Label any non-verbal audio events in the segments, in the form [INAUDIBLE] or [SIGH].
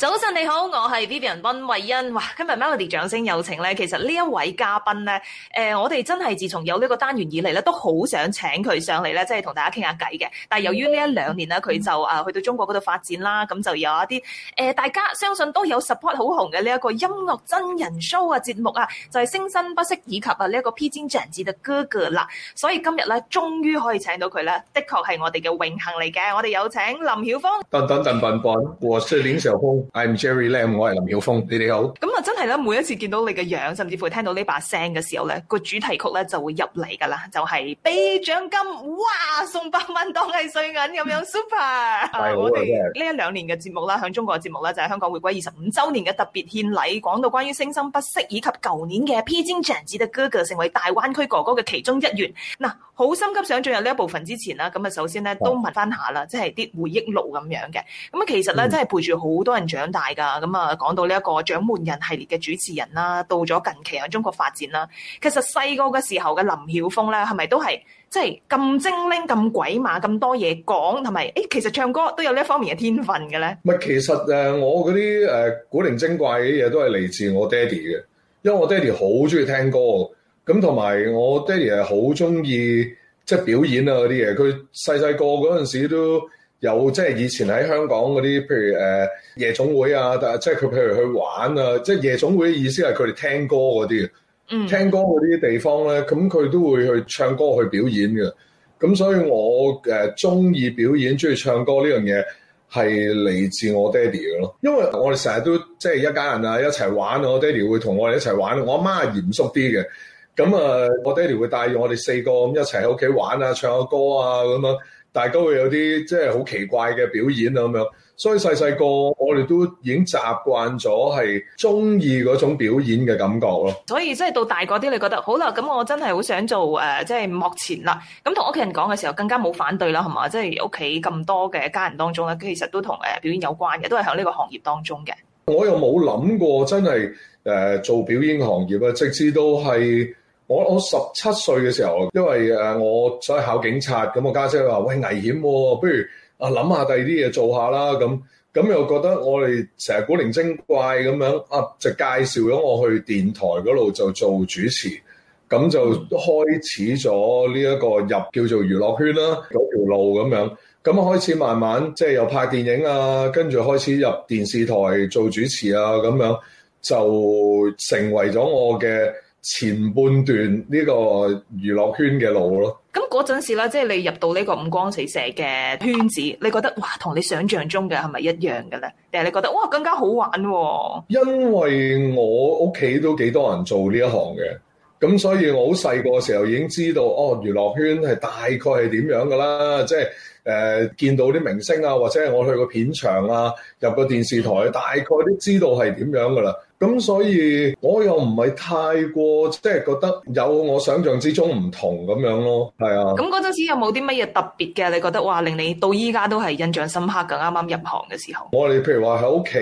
早晨你好，我係 Vivian 溫慧欣。哇，今日 Melody 掌聲有請咧，其實呢一位嘉賓咧，誒，我哋真係自從有呢個單元以嚟咧，都好想請佢上嚟咧，即係同大家傾下偈嘅。但係由於呢一兩年咧，佢就啊去到中國嗰度發展啦，咁就有一啲誒，大家相信都有 support 好紅嘅呢一個音樂真人 show 嘅節目啊，就係《聲生不息》以及啊呢一個披荊斬棘嘅哥哥啦。所以今日咧，終於可以請到佢啦，的確係我哋嘅榮幸嚟嘅。我哋有請林曉峰等等等等等等。我是林曉峰。I'm Jerry Lamb，我係林曉峰，你哋好。咁啊，真係咧，每一次見到你嘅樣，甚至乎聽到呢把聲嘅時候咧，個主題曲咧就會入嚟噶啦，就係俾獎金，哇，送百蚊當係碎銀咁樣，super。係我哋呢一兩年嘅節目啦，響中國嘅節目咧就係香港回歸二十五周年嘅特別獻禮，講到關於聲生不息，以及舊年嘅披荊斬棘的哥哥成為大灣區哥哥嘅其中一員。嗱，好心急想進入呢一部分之前啦，咁啊，首先咧都問翻下啦，即係啲回憶錄咁樣嘅。咁啊，其實咧真係陪住好多人長大噶，咁啊，講到呢一個掌門人系列嘅主持人啦，到咗近期喺中國發展啦。其實細個嘅時候嘅林曉峰咧，係咪都係即係咁精靈、咁鬼馬、咁多嘢講，同埋誒,其實唱歌都有呢一方面嘅天分嘅咧。唔係，其實誒，我嗰啲誒古靈精怪嘅嘢都係嚟自我爹哋嘅，因為我爹哋好中意聽歌，咁同埋我爹哋係好中意即係表演啊嗰啲嘢。佢細細個嗰陣時都。有即係以前喺香港嗰啲，譬如誒夜總會啊，即係佢譬如去玩啊，即係夜總會嘅意思係佢哋聽歌嗰啲嘅，mm. 聽歌嗰啲地方咧，咁佢都會去唱歌去表演嘅。咁所以我誒中意表演、中意唱歌呢樣嘢係嚟自我爹哋嘅咯。因為我哋成日都即係、就是、一家人啊，一齊玩，我爹哋會同我哋一齊玩。我阿媽係嚴肅啲嘅，咁啊，我爹哋會帶住我哋四個咁一齊喺屋企玩啊，唱下、啊、歌啊咁樣。大家會有啲即係好奇怪嘅表演啊咁樣，所以細細個我哋都已經習慣咗係中意嗰種表演嘅感覺咯。所以即係到大個啲，你覺得好啦，咁我真係好想做誒，即係幕前啦。咁同屋企人講嘅時候，更加冇反對啦，係嘛？即係屋企咁多嘅家人當中咧，其實都同誒表演有關嘅，都係喺呢個行業當中嘅。我又冇諗過真係誒做表演行業咧，直至都係。我我十七歲嘅時候，因為誒我想去考警察，咁我家姐話喂，危險，啊，不如啊諗下第二啲嘢，做下啦。咁咁又覺得我哋成日古靈精怪咁樣啊，就介紹咗我去電台嗰度就做主持，咁就開始咗呢一個入叫做娛樂圈啦嗰條路咁樣。咁開始慢慢即係、就是、又拍電影啊，跟住開始入電視台做主持啊，咁樣就成為咗我嘅。前半段呢個娛樂圈嘅路咯，咁嗰陣時啦即係你入到呢個五光四射嘅圈子，你覺得哇，同你想象中嘅係咪一樣嘅咧？定係你覺得哇，更加好玩？因為我屋企都幾多人做呢一行嘅，咁所以我好細個時候已經知道，哦，娛樂圈係大概係點樣噶啦，即係。誒見到啲明星啊，或者係我去個片場啊，入個電視台，大概都知道係點樣噶啦。咁所以我又唔係太過即係、就是、覺得有我想像之中唔同咁樣咯。係啊。咁嗰陣時有冇啲乜嘢特別嘅？你覺得話，令你到依家都係印象深刻㗎？啱啱入行嘅時候，我哋譬如話喺屋企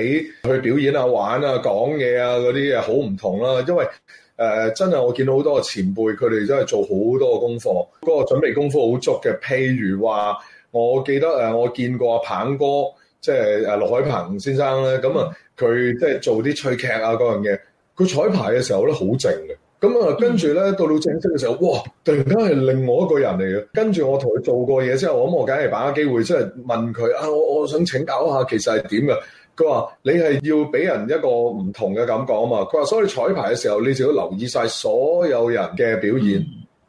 去表演啊、玩啊、講嘢啊嗰啲嘢，好唔同啦、啊。因為誒、呃、真係我見到好多個前輩，佢哋真係做好多個功課，嗰個準備功夫好足嘅。譬如話。我記得誒，我見過阿鵬哥，即係誒盧海鵬先生咧。咁啊，佢即係做啲趣劇啊嗰樣嘢。佢彩排嘅時候咧，好靜嘅。咁啊，跟住咧到到正式嘅時候，哇！突然間係另外一個人嚟嘅。跟住我同佢做過嘢之後，我諗我梗係把握機會，即係問佢啊，我我想請教一下，其實係點嘅？佢話你係要俾人一個唔同嘅感覺啊嘛。佢話所以彩排嘅時候，你就要留意晒所有人嘅表演。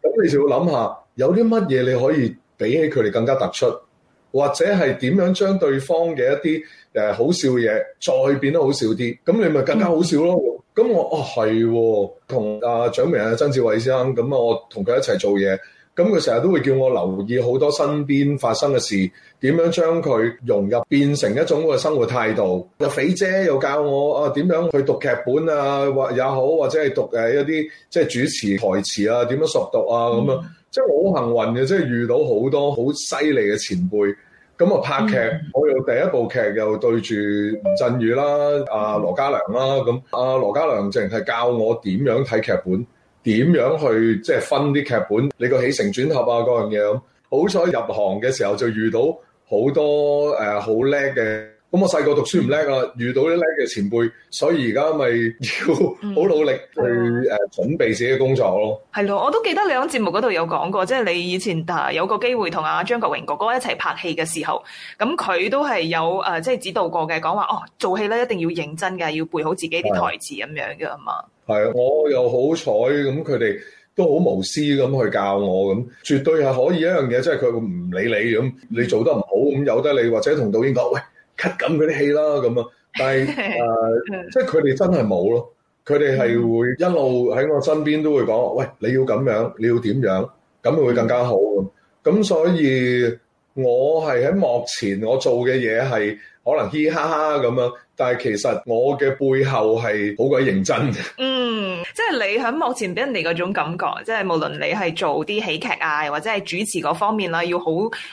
咁你就要諗下，有啲乜嘢你可以？比起佢哋更加突出，或者係點樣將對方嘅一啲誒好笑嘢再變得好笑啲，咁你咪更加好笑咯。咁我、嗯、哦係，同阿掌名阿曾志偉先生咁啊，我同佢一齊做嘢，咁佢成日都會叫我留意好多身邊發生嘅事，點樣將佢融入變成一種個生活態度。又肥姐又教我啊點樣去讀劇本啊，或也好，或者係讀誒一啲即係主持台詞啊，點樣熟讀啊咁、嗯樣即係我好幸運嘅，即、就、係、是、遇到好多好犀利嘅前輩。咁啊拍劇，嗯、我又第一部劇又對住吳鎮宇啦、阿、啊、羅嘉良啦。咁、啊、阿、啊、羅嘉良淨係教我點樣睇劇本，點樣去即係、就是、分啲劇本，你個起承轉合啊嗰樣嘢。咁好彩入行嘅時候就遇到好多誒好叻嘅。啊咁我細個讀書唔叻啊，嗯、遇到啲叻嘅前輩，所以而家咪要好努力去誒準備自己嘅工作咯。係咯，我都記得你喺節目嗰度有講過，即係你以前有個機會同阿張國榮哥哥一齊拍戲嘅時候，咁佢都係有即係指導過嘅，講話哦做戲咧一定要認真嘅，要背好自己啲台詞咁樣噶嘛。係啊的的，我又好彩，咁佢哋都好無私咁去教我，咁絕對係可以一樣嘢，即係佢唔理你咁，你做得唔好咁有得你，或者同導演講喂。吸緊佢啲氣啦，咁啊！但係誒，即係佢哋真係冇咯，佢哋係會一路喺我身邊都會講，喂，你要咁樣，你要點樣，咁會更加好咁。咁所以，我係喺幕前，我做嘅嘢係。可能嘻嘻哈哈咁樣，但係其實我嘅背後係好鬼認真的的。嗯，即係你喺幕前俾人哋嗰種感覺，即係無論你係做啲喜劇啊，或者係主持嗰方面啦，要好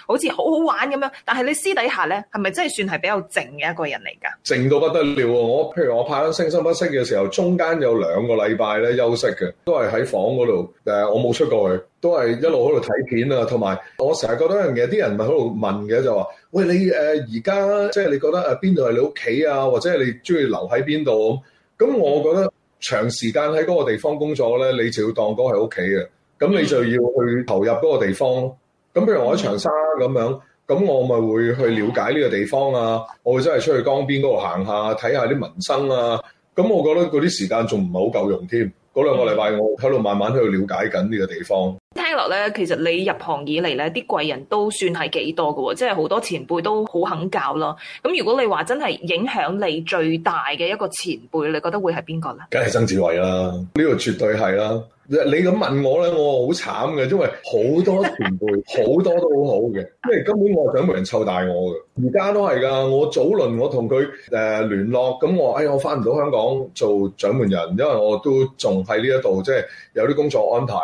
好似好好玩咁樣。但係你私底下咧，係咪真係算係比較靜嘅一個人嚟噶？靜到不得了啊！我譬如我拍緊《聲生不息》嘅時候，中間有兩個禮拜咧休息嘅，都係喺房嗰度誒，我冇出過去，都係一路喺度睇片啊。同埋我成日覺得一樣嘢，啲人咪喺度問嘅就話。喂，你誒而家即係你覺得誒邊度係你屋企啊？或者係你中意留喺邊度咁？咁我覺得長時間喺嗰個地方工作咧，你就要當嗰個係屋企嘅。咁你就要去投入嗰個地方。咁譬如我喺長沙咁樣，咁我咪會去了解呢個地方啊。我會真係出去江邊嗰度行下，睇下啲民生啊。咁我覺得嗰啲時間仲唔係好夠用添。嗰兩個禮拜，我喺度慢慢喺度了解緊呢個地方。聽落咧，其實你入行以嚟咧，啲貴人都算係幾多㗎喎，即係好多前輩都好肯教咯。咁如果你話真係影響你最大嘅一個前輩，你覺得會係邊個咧？梗係曾志偉啦，呢個絕對係啦。你咁問我咧，我好慘嘅，因為好多前輩，好多都好好嘅，因為根本我係獎門人湊大我嘅，而家都係噶。我早輪我同佢誒聯絡，咁我哎我翻唔到香港做獎門人，因為我都仲喺呢一度，即係有啲工作安排。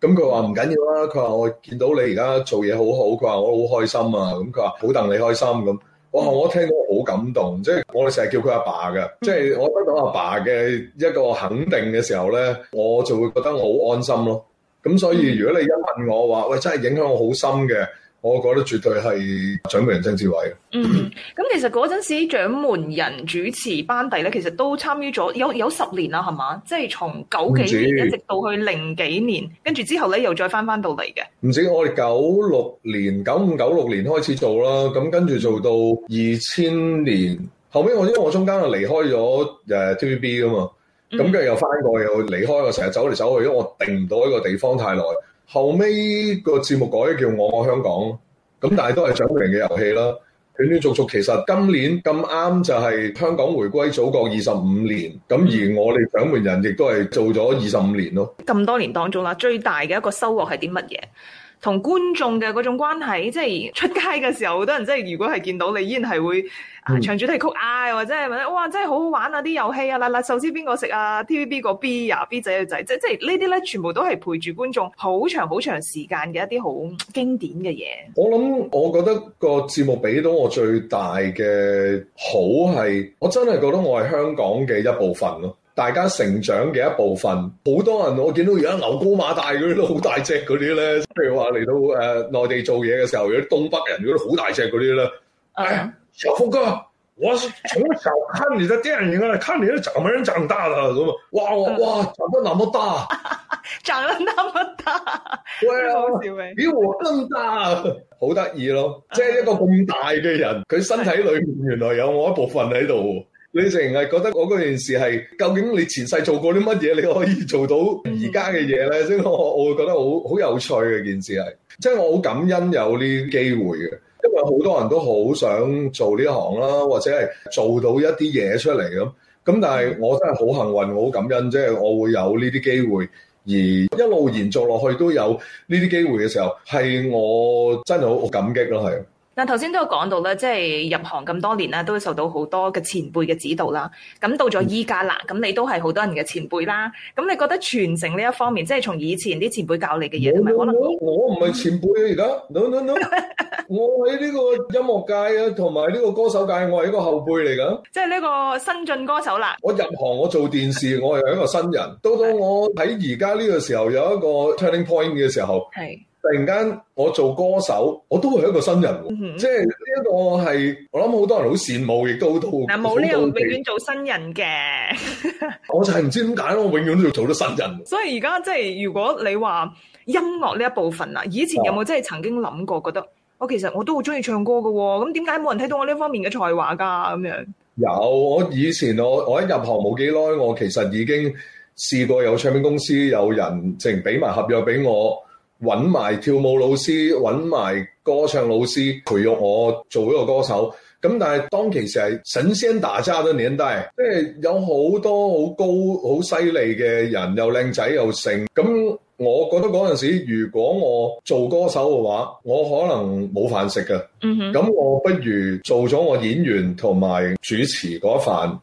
咁佢話唔緊要啦，佢話我見到你而家做嘢好好，佢話我好開心啊，咁佢話好戥你開心咁。我我聽到好感動，即係我哋成日叫佢阿爸嘅，即係我得到阿爸嘅一個肯定嘅時候咧，我就會覺得我好安心咯。咁所以如果你一問我話，喂，真係影響我好深嘅。我覺得絕對係掌門人曾志偉。嗯，咁其實嗰陣時掌門人主持班底咧，其實都參與咗有有十年啦，係嘛？即係從九幾年一直到去零幾年，跟住之後咧又再翻翻到嚟嘅。唔止我哋九六年、九五九六年開始做啦，咁跟住做到二千年。後尾我因為我中間又離開咗 TVB 啊嘛，咁跟住又翻過去，又離開我成日走嚟走去，因為我定唔到一個地方太耐。後尾個節目改咗叫《我愛香港》咯，咁但係都係獎門人嘅遊戲啦。斷斷續續，其實今年咁啱就係香港回歸祖國二十五年，咁而我哋獎門人亦都係做咗二十五年咯。咁多年當中啦，最大嘅一個收穫係啲乜嘢？同觀眾嘅嗰種關係，即係出街嘅時候，好多人即係如果係見到你，依然係會啊唱主題曲啊，嗯、或者係哇真係好好玩啊啲遊戲啊，嗱嗱壽司邊個食啊？TVB 個 B 呀、啊、B 仔嘅、啊、仔，即係即係呢啲咧，全部都係陪住觀眾好長好長時間嘅一啲好經典嘅嘢。我諗，我覺得個節目俾到我最大嘅好係，我真係覺得我係香港嘅一部分咯。大家成長嘅一部分，好多人我見到而家牛高馬大嗰啲都好大隻嗰啲咧，譬如話嚟到誒內地做嘢嘅時候，有啲東北人嗰啲好大隻嗰啲咧，唉，曉峰哥，我是從小看你的電影啊，看你的怎麼長大的咁啊，哇哇長得那麼大，長得那麼大，對啊，比我更大，好得意咯，即係 [LAUGHS] 一個咁大嘅人，佢身體裏面原來有我一部分喺度。你淨係覺得我嗰件事係究竟你前世做過啲乜嘢？你可以做到而家嘅嘢咧，即係我會覺得好好有趣嘅一件事係，即係我好感恩有呢啲機會嘅，因為好多人都好想做呢行啦，或者係做到一啲嘢出嚟咁。咁但係我真係好幸運，我好感恩，即係我會有呢啲機會，而一路延續落去都有呢啲機會嘅時候，係我真係好感激咯，係。嗱，頭先都有講到啦，即係入行咁多年啦，都會受到好多嘅前輩嘅指導啦。咁到咗依家啦，咁你都係好多人嘅前輩啦。咁你覺得傳承呢一方面，即係從以前啲前輩教你嘅嘢，同埋有可能？我唔係前輩啊，而家，No no no，我喺呢個音樂界啊，同埋呢個歌手界，我係一個後輩嚟㗎。即係呢個新晉歌手啦。我入行，我做電視，我係一個新人。到到我喺而家呢個時候，有一個 turning point 嘅時候。突然間，我做歌手，我都係一個新人，即係呢一個係我諗好多人好羨慕，亦都好多好努力。但冇理由永遠做新人嘅。 [LAUGHS] 我就係唔知點解咯，我永遠都要做到新人。所以而家即係如果你話音樂呢一部分啊，以前有冇真係曾經諗過，的覺得我其實我都好中意唱歌嘅喎，咁點解冇人睇到我呢方面嘅才華㗎咁樣？有，我以前我我喺入行冇幾耐，我其實已經試過有唱片公司有人淨俾埋合約俾我。揾埋跳舞老師，揾埋歌唱老師，培育我做一個歌手。咁但係當其時係神仙打交都年代，即係有好多好高好犀利嘅人，又靚仔又盛。咁我覺得嗰陣時，如果我做歌手嘅話，我可能冇飯食嘅。咁、mm hmm. 我不如做咗我演員同埋主持嗰一份。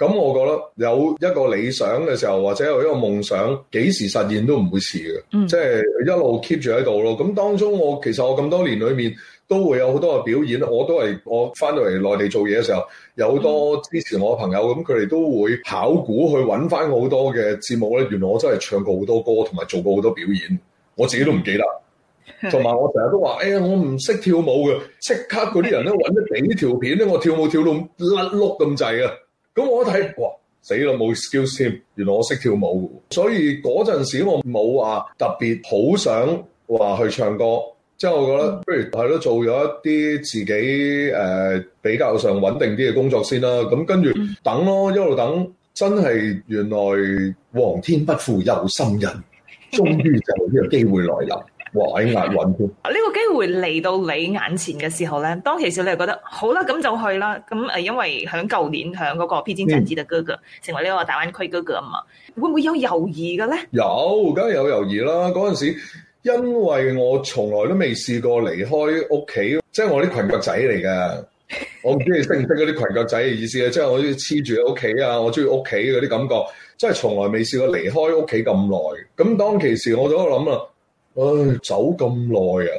咁我覺得有一個理想嘅時候，或者有一個夢想，幾時實現都唔會遲嘅，即係、嗯、一路 keep 住喺度咯。咁當中我其實我咁多年裏面都會有好多嘅表演，我都係我翻到嚟內地做嘢嘅時候，有好多支持我嘅朋友，咁佢哋都會考古去揾翻好多嘅節目咧。原來我真係唱過好多歌，同埋做過好多表演，我自己都唔記得。同埋的我成日都話，誒、哎，我唔識跳舞嘅，即刻嗰啲人咧揾得幾條片咧，的我跳舞跳到甩碌咁滯啊！咁我一睇，哇！死啦，冇 excuse 添，原來我識跳舞，所以嗰陣時我冇話特別好想話去唱歌，之後我覺得不如係咯，做咗一啲自己誒比較上穩定啲嘅工作先啦。咁跟住等咯，一路等，真係原來皇天不負有心人，終於就呢個機會來臨。哇！挨硬揾添啊！呢、嗯這個機會嚟到你眼前嘅時候咧，當其時你係覺得好啦，咁就去啦。咁誒，因為喺舊年喺嗰個披荊斬棘嘅哥哥成為呢個大灣區哥哥啊嘛，嗯、會唔會有猶豫嘅咧？有，梗係有猶豫啦。嗰陣時，因為我從來都未試過離開屋企，即、就、係、是、我啲裙腳仔嚟噶。我唔知你識唔識嗰啲裙腳仔嘅意思咧，即係 [LAUGHS] 我中意黐住喺屋企啊，我中意屋企嗰啲感覺，即係從來未試過離開屋企咁耐。咁當其時我就，我都諗啦。唉，走咁耐啊，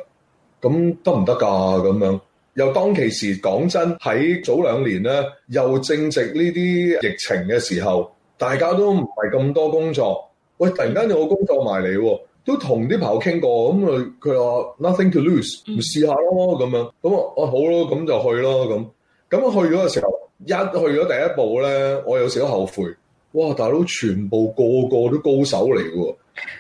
咁得唔得噶？咁樣又當其時，講真喺早兩年咧，又正值呢啲疫情嘅時候，大家都唔係咁多工作。喂，突然間有個工作埋嚟，都同啲朋友傾過，咁啊，佢話 nothing to lose，唔試下咯咁樣。咁我哦好咯，咁就去咯咁。咁去咗嘅時候，一去咗第一步咧，我有時都後悔。哇，大佬全部個個都高手嚟喎。」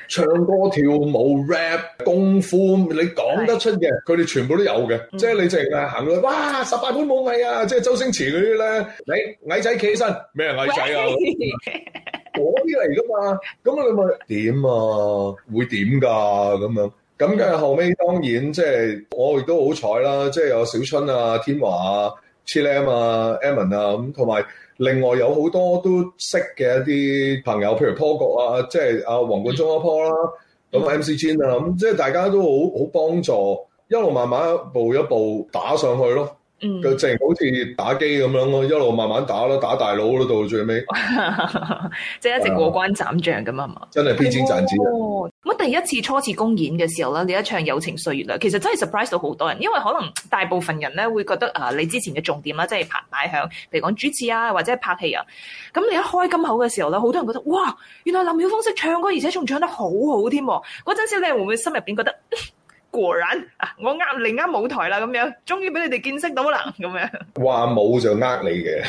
唱歌跳舞 rap 功夫，你講得出嘅，佢哋的全部都有嘅，的即係你淨係行落去，哇，十八般武藝啊！即係周星馳嗰啲咧，你矮仔企起身咩矮仔啊？嗰啲嚟噶嘛？咁你咪點啊？會點噶咁樣？咁梗係後尾，當然即係我亦都好彩啦，即係有小春啊、天華啊、Chilam 啊、Edmond 啊咁，同埋。另外有好多都識嘅一啲朋友，譬如坡角啊，即係阿黃冠中嗰波啦，咁 MC Jin 啊，咁即係大家都好好幫助，一路慢慢一步一步打上去咯。嗯，就淨好似打機咁樣咯，一路慢慢打咯，打大佬嗰到最尾， [LAUGHS] 即係一直過關斬將咁啊嘛。哎、呀吧真係披戰賺錢咁第一次初次公演嘅時候咧，你一唱《友情歲月》，其實真係 surprise 到好多人，因為可能大部分人咧會覺得啊，你之前嘅重點啦，即係拍、買響，譬如講主持啊，或者拍戲啊。咁你一開金口嘅時候咧，好多人覺得哇，原來林曉峰識唱歌，而且仲唱得好好、啊、添。嗰陣時你會唔會心入面覺得？果然，啊，我呃你呃舞台啦，咁樣，終於俾你哋見識到啦，咁樣。話冇就呃你嘅，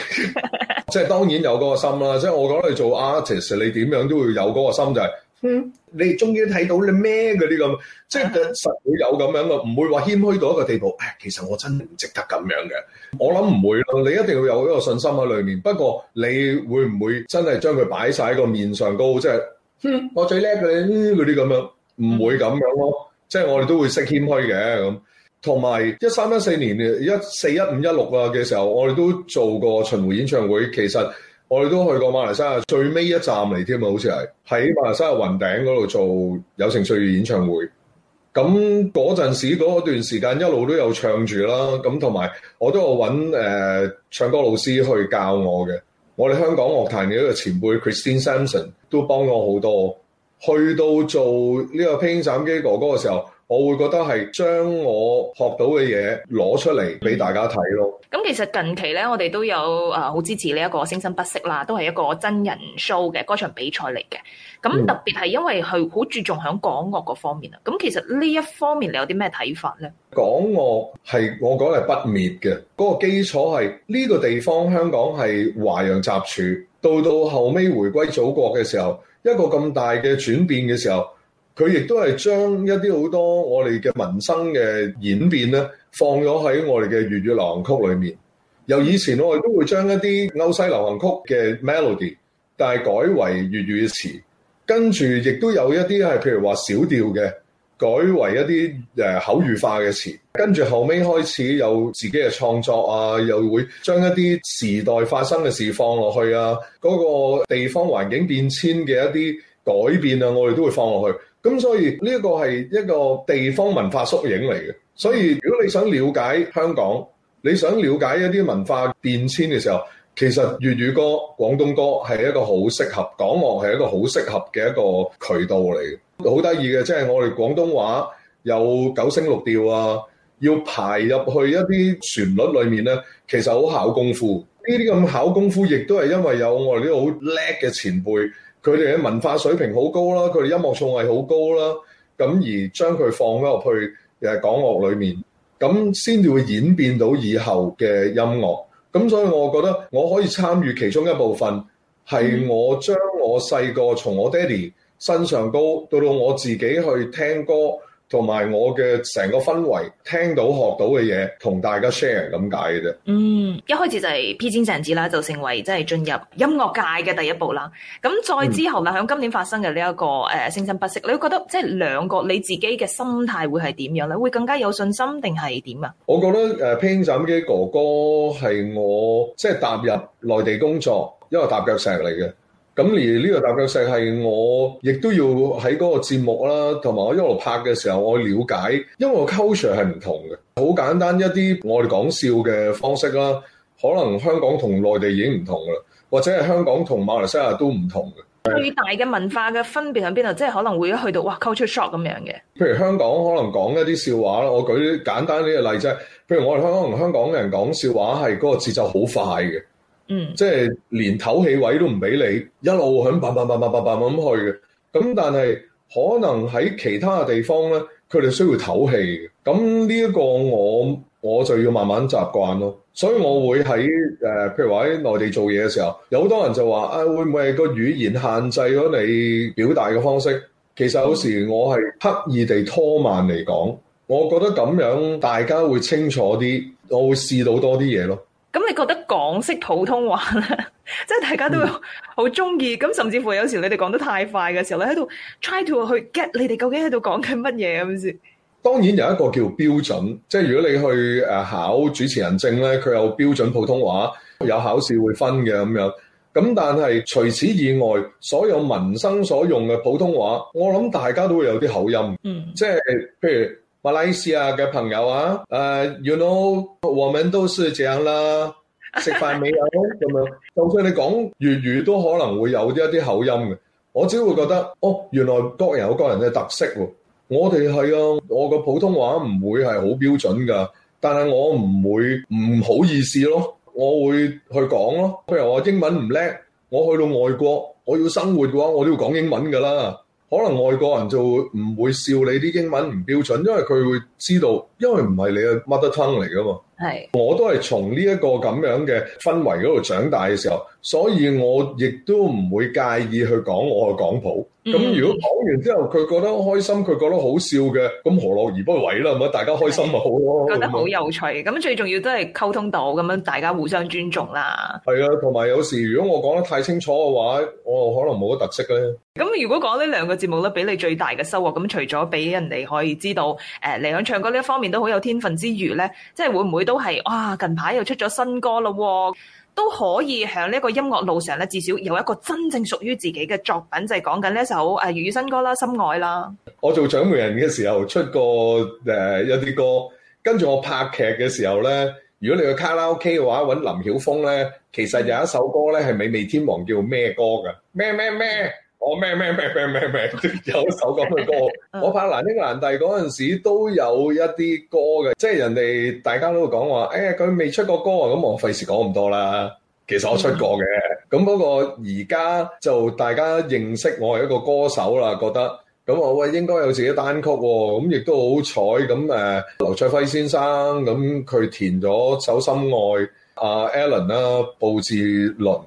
即係當然有嗰個心啦。即係我講你做 artist，你點樣都會有嗰個心，就係，嗯，你哋終於睇到你咩嗰啲咁，即係實會有咁樣嘅，唔會話謙虛到一個地步。誒，其實我真係唔值得咁樣嘅，我諗唔會咯。你一定要有呢個信心喺裏面。不過你會唔會真係將佢擺晒喺個面上高？即係，嗯，我最叻嘅嗰啲咁樣，唔會咁樣咯。嗯嗯即係我哋都會識謙虛嘅咁，同埋一三一四年、一四一五、一六啊嘅時候，我哋都做過巡迴演唱會。其實我哋都去過馬來西亞，最尾一站嚟添啊，好似係喺馬來西亞雲頂嗰度做《友情歲月》演唱會。咁嗰陣時嗰段時間一路都有唱住啦。咁同埋我都有揾誒、呃、唱歌老師去教我嘅。我哋香港樂壇嘅一個前輩 Christine Sampson 都幫我好多。去到做呢個披荊斬棘哥哥嘅時候，我會覺得係將我學到嘅嘢攞出嚟俾大家睇咯。咁其實近期呢，我哋都有啊好支持呢一個《聲生不息》啦，都係一個真人 show 嘅嗰場比賽嚟嘅。咁特別係因為佢好注重響港樂嗰方面啊。咁其實呢一方面，你有啲咩睇法呢？港樂係我講係不滅嘅，嗰、那個基礎係呢、這個地方香港係華洋雜處，到到後尾回歸祖國嘅時候。一個咁大嘅轉變嘅時候，佢亦都係將一啲好多我哋嘅民生嘅演變咧，放咗喺我哋嘅粵語流行曲裏面。由以前我哋都會將一啲歐西流行曲嘅 melody，但係改為粵語詞，跟住亦都有一啲係譬如話小調嘅。改為一啲口語化嘅詞，跟住後尾開始有自己嘅創作啊，又會將一啲時代發生嘅事放落去啊，嗰個地方環境變遷嘅一啲改變啊，我哋都會放落去。咁所以呢一個係一個地方文化縮影嚟嘅。所以如果你想了解香港，你想了解一啲文化變遷嘅時候，其實粵語歌、廣東歌係一個好適合，港樂係一個好適合嘅一個渠道嚟嘅。好得意嘅，即係、就是、我哋廣東話有九聲六調啊，要排入去一啲旋律裏面呢，其實好考功夫。呢啲咁考功夫，亦都係因為有我哋呢個好叻嘅前輩，佢哋嘅文化水平好高啦，佢哋音樂創意好高啦，咁而將佢放咗入去誒港樂裏面，咁先至會演變到以後嘅音樂。咁所以我覺得我可以參與其中一部分，係我將我細個從我爹哋。身上高到到我自己去聽歌，同埋我嘅成個氛圍，聽到學到嘅嘢，同大家 share 咁解嘅啫。嗯，一開始就係披荊斬棘啦，就成為即係進入音樂界嘅第一步啦。咁再之後啦，響今年發生嘅呢一個誒聲生不息，嗯、你會覺得即係、就是、兩個你自己嘅心態會係點樣咧？會更加有信心定係點啊？樣我覺得誒披荊斬棘哥哥係我即係、就是、踏入內地工作因為踏腳石嚟嘅。咁而呢個踏腳石係我亦都要喺嗰個節目啦，同埋我一路拍嘅時候，我了解，因為 culture 係唔同嘅。好簡單，一啲我哋講笑嘅方式啦，可能香港同內地已經唔同噶啦，或者係香港同馬來西亞都唔同嘅。最大嘅文化嘅分別喺邊度？即係可能會去到哇 culture shock 咁樣嘅。譬如香港可能講一啲笑話啦，我舉簡單啲嘅例子，譬如我哋香港同香港嘅人講笑話係嗰個節奏好快嘅。嗯，即係連唞氣位都唔俾你，一路響叭叭叭叭叭叭咁去嘅。咁但係可能喺其他嘅地方咧，佢哋需要唞氣嘅。咁呢一個我我就要慢慢習慣咯。所以我會喺誒，譬如話喺內地做嘢嘅時候，有好多人就話啊，會唔會係個語言限制咗你表達嘅方式？其實有時我係刻意地拖慢嚟講，我覺得咁樣大家會清楚啲，我會試到多啲嘢咯。咁你覺得港式普通話咧，即 [LAUGHS] 係大家都好中意，咁甚至乎有時你哋講得太快嘅時候，你喺度 try to 去 get 你哋究竟喺度講緊乜嘢咁先。當然有一個叫標準，即係如果你去誒考主持人證咧，佢有標準普通話，有考試會分嘅咁樣。咁但係除此以外，所有民生所用嘅普通話，我諗大家都會有啲口音，嗯、即係譬如。馬來西亞嘅朋友啊，誒，uh，you know，我們都是這樣啦，食飯未啊？咁樣，就算你講粵語都可能會有一啲口音嘅，我只會覺得，哦，原來各人有各人嘅特色。我哋係啊，我個普通話唔會係好標準噶，但係我唔會唔好意思咯，我會去講咯。譬如我英文唔叻，我去到外國，我要生活嘅話，我都要講英文噶啦。可能外國人就會唔會笑你啲英文唔標準，因為佢會知道，因為唔係你嘅 mother tongue 嚟㗎嘛。係，是 我都係從呢一個咁樣嘅氛圍嗰度長大嘅時候，所以我亦都唔會介意去講我嘅港普。咁如果講完之後，佢覺得開心，佢覺得好笑嘅，咁何樂而不為啦？係咪？大家開心咪好咯。覺得好有趣，咁最重要都係溝通到，咁樣大家互相尊重啦。係啊，同埋有，有時如果我講得太清楚嘅話，我可能冇特色咧。咁如果講呢兩個節目咧，俾你最大嘅收穫，咁除咗俾人哋可以知道，誒嚟講唱歌呢一方面都好有天分之餘咧，即係會唔會都？都係哇，近排又出咗新歌咯。哦，都可以喺呢個音樂路上咧，至少有一個真正屬於自己嘅作品，就係講緊呢首誒粵語新歌啦，心《深愛》啦。我做掌門人嘅時候出過誒一啲歌，跟住我拍劇嘅時候咧，如果你去卡拉 OK 嘅話，搵林曉峰咧，其實有一首歌咧，係《美味天王》，叫咩歌噶？咩咩咩？我咩咩咩咩咩咩，有一首咁嘅歌。我拍《難兄難弟》嗰陣時都有一啲歌嘅，即係人哋大家都會講話，哎呀佢未出過歌，咁我費事講咁多啦。其實我出過嘅，咁不過而家就大家認識我係一個歌手啦，覺得咁我喂應該有自己單曲，咁亦都好彩咁誒，劉卓輝先生咁佢填咗首《心愛》，阿 Alan 啦，布志綸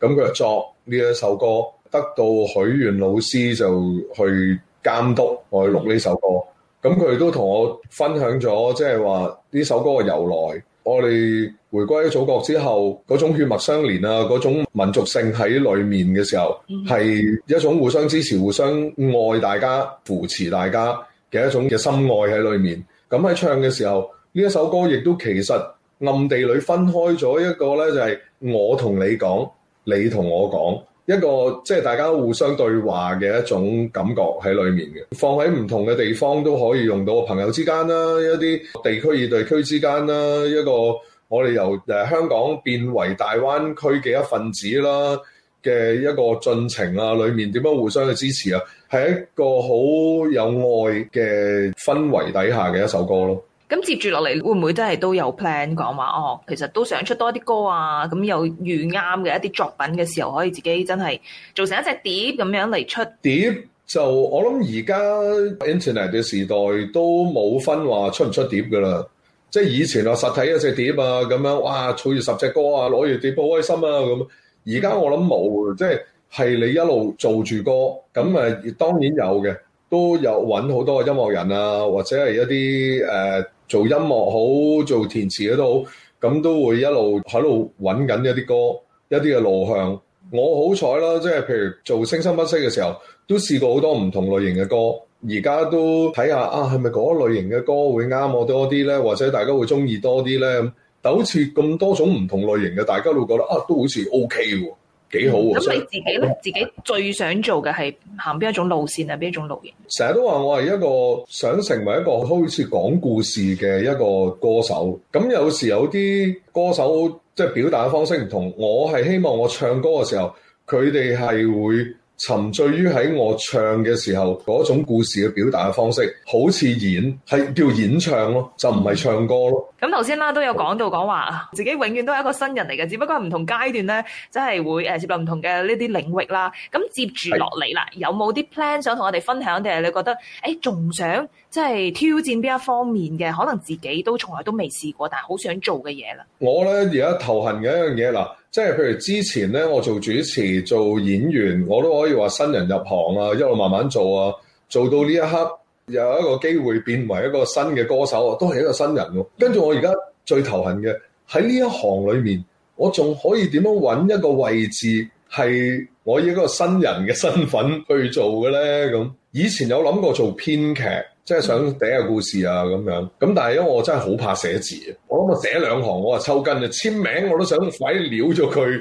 咁佢就作呢一首歌。得到許願老師就去監督我去錄呢首歌，咁佢都同我分享咗，即係話呢首歌嘅由來。我哋回歸祖國之後，嗰種血脈相連啊，嗰種民族性喺裏面嘅時候，係一種互相支持、互相愛大家、扶持大家嘅一種嘅深愛喺裏面。咁喺唱嘅時候，呢一首歌亦都其實暗地裏分開咗一個呢，就係我同你講，你同我講。一個即係大家都互相對話嘅一種感覺喺裏面嘅，放喺唔同嘅地方都可以用到。朋友之間啦，一啲地區與地區之間啦，一個我哋由誒香港變為大灣區嘅一份子啦嘅一個進程啊，裏面點樣互相去支持啊，係一個好有愛嘅氛圍底下嘅一首歌咯。咁接住落嚟，會唔會真係都有 plan 講話？哦，其實都想出多啲歌啊！咁有遇啱嘅一啲作品嘅時候，可以自己真係做成一隻碟咁樣嚟出碟就，就我諗而家 internet 嘅時代都冇分話出唔出碟㗎喇。即係以前話實體一隻碟啊，咁樣哇，儲住十隻歌啊，攞住碟好開心啊咁。而家我諗冇，即係係你一路做住歌，咁啊。當然有嘅，都有揾好多嘅音樂人啊，或者係一啲誒。呃做音樂好，做填詞都好，咁都會一路喺度揾緊一啲歌，一啲嘅路向。我好彩啦，即係譬如做《生生不息》嘅時候，都試過好多唔同類型嘅歌。而家都睇下啊，係咪嗰類型嘅歌會啱我多啲呢？或者大家會中意多啲呢？但好似咁多種唔同類型嘅，大家會覺得啊，都好似 OK 喎。幾好，咁你自己咧，以自己最想做嘅係行邊一種路線啊？邊一種路型？成日都話我係一個想成為一個好似講故事嘅一個歌手。咁有時候有啲歌手即係、就是、表達嘅方式唔同，我係希望我唱歌嘅時候，佢哋係會，沉醉於喺我唱嘅時候嗰種故事嘅表達嘅方式，好似演係叫演唱咯，就唔係唱歌咯。咁頭先啦，都有講到講話自己永遠都係一個新人嚟嘅，只不過係唔同階段咧，就係會誒涉入唔同嘅呢啲領域啦。咁接住落嚟啦，是有冇啲 plan 想同我哋分享，定係你覺得誒仲想即係挑戰邊一方面嘅，可能自己都從來都未試過，但係好想做嘅嘢啦？我咧而家頭痕嘅一樣嘢啦。即係譬如之前呢，我做主持、做演員，我都可以話新人入行啊，一路慢慢做啊，做到呢一刻有一個機會變為一個新嘅歌手啊，都係一個新人㗎。跟住我而家最頭痕嘅喺呢一行裏面，我仲可以點樣揾一個位置係我以一個新人嘅身份去做嘅呢？咁以前有諗過做編劇。即係想第一個故事啊咁樣，咁但係因為我真係好怕寫字啊，我諗我寫兩行我啊抽筋啊，簽名我都想快撩咗佢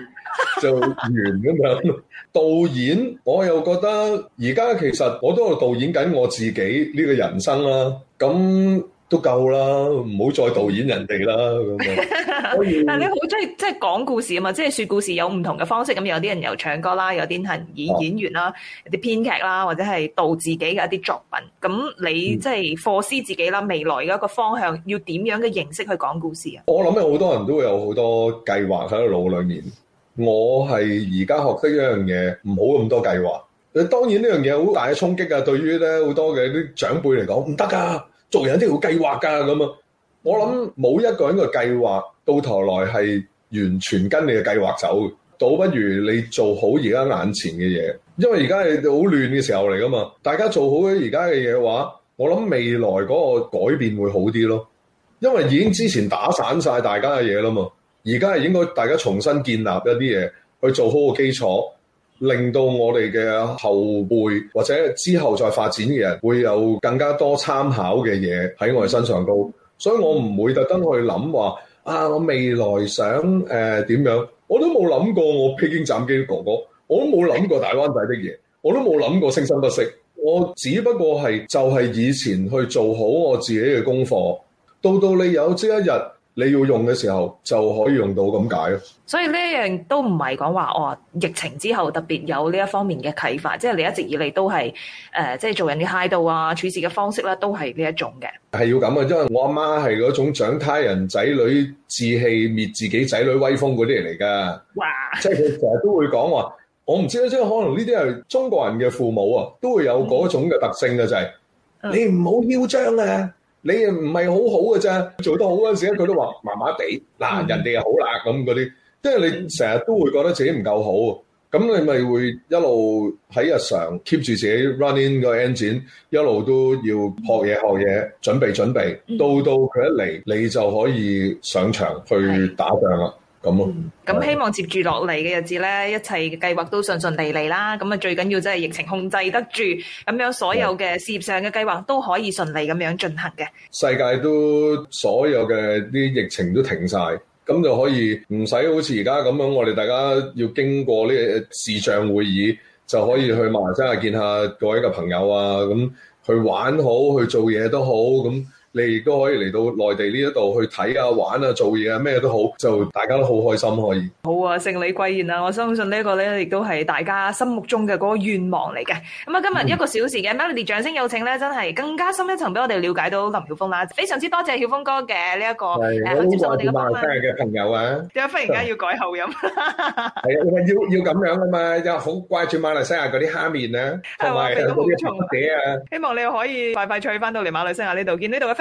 就完咁樣。導演我又覺得而家其實我都係導演緊我自己呢個人生啦，咁。都夠啦，唔好再導演人哋啦。咁， [LAUGHS] 但你好中意即係講故事啊嘛，即、就、係、是、說故事有唔同嘅方式。咁有啲人又唱歌啦，有啲係演演員啦，啊、有啲編劇啦，或者係導自己嘅一啲作品。咁、啊、你即係駁師自己啦，未來嘅一個方向要點樣嘅形式去講故事啊？我諗咧，好多人都會有好多計劃喺個腦裡面。我係而家學識一樣嘢，唔好咁多計劃。當然呢樣嘢好大嘅衝擊啊！對於咧好多嘅啲長輩嚟講，唔得㗎。做人都要計劃噶咁啊！我諗冇一個人嘅計劃到頭來係完全跟你嘅計劃走，倒不如你做好而家眼前嘅嘢，因為而家係好亂嘅時候嚟噶嘛。大家做好而家嘅嘢嘅話，我諗未來嗰個改變會好啲咯。因為已經之前打散晒大家嘅嘢啦嘛，而家係應該大家重新建立一啲嘢去做好個基礎。令到我哋嘅後輩或者之後再發展嘅人，會有更加多參考嘅嘢喺我哋身上高所以我唔會特登去諗話啊，我未來想誒點、呃、樣，我都冇諗過我披荊斬棘哥哥，我都冇諗過大灣仔啲嘢，我都冇諗過聲生不息，我只不過係就係、是、以前去做好我自己嘅功課，到到你有朝一日。你要用嘅時候就可以用到咁解咯。所以呢樣都唔係講話哦，疫情之後特別有呢一方面嘅啟發，即係你一直以嚟都係誒，即係做人嘅態度啊、處事嘅方式啦，都係呢一種嘅。係要咁啊，因為我阿媽係嗰種長他人仔女志氣，滅自己仔女威風嗰啲人嚟噶。哇！即係佢成日都會講話，我唔知即可能呢啲係中國人嘅父母啊，都會有嗰種嘅特性嘅就係，嗯，你唔好囂張啊！你唔係好好嘅啫，做得好嗰陣時，佢都話麻麻地。嗱，人哋又好啦，咁嗰啲，即係你成日都會覺得自己唔夠好，咁你咪會一路喺日常 keep 住自己 running 個 engine，一路都要學嘢學嘢，準備準備，到到佢一嚟，你就可以上場去打仗啦。咁咯，咁、啊、希望接住落嚟嘅日子咧，一切嘅計劃都順順利利啦。咁啊，最緊要即係疫情控制得住，咁樣所有嘅事業上嘅計劃都可以順利咁樣進行嘅。世界都所有嘅啲疫情都停晒，咁就可以唔使好似而家咁樣，我哋大家要經過呢個視像會議，就可以去馬來西亞見下各位嘅朋友啊，咁去玩好，去做嘢都好咁。你亦都可以嚟到內地呢一度去睇啊、玩啊、做嘢啊，咩都好，就大家都好開心可以。好啊，盛禮貴言啊，我相信呢個咧亦都係大家心目中嘅嗰個願望嚟嘅。咁啊，今日一個小時嘅 Melody 掌聲有請咧，真係更加深一層俾我哋瞭解到林曉峯啦。非常之多謝曉峯哥嘅呢一個，好接受我哋嘅朋友啊！點解忽然間要改口音？係啊，要要咁樣啊嘛，又好掛住馬來西亞嗰啲蝦麵啊，同埋肥都好重嘅啊！希望你又可以快快脆翻到嚟馬來西亞呢度，見呢度嘅。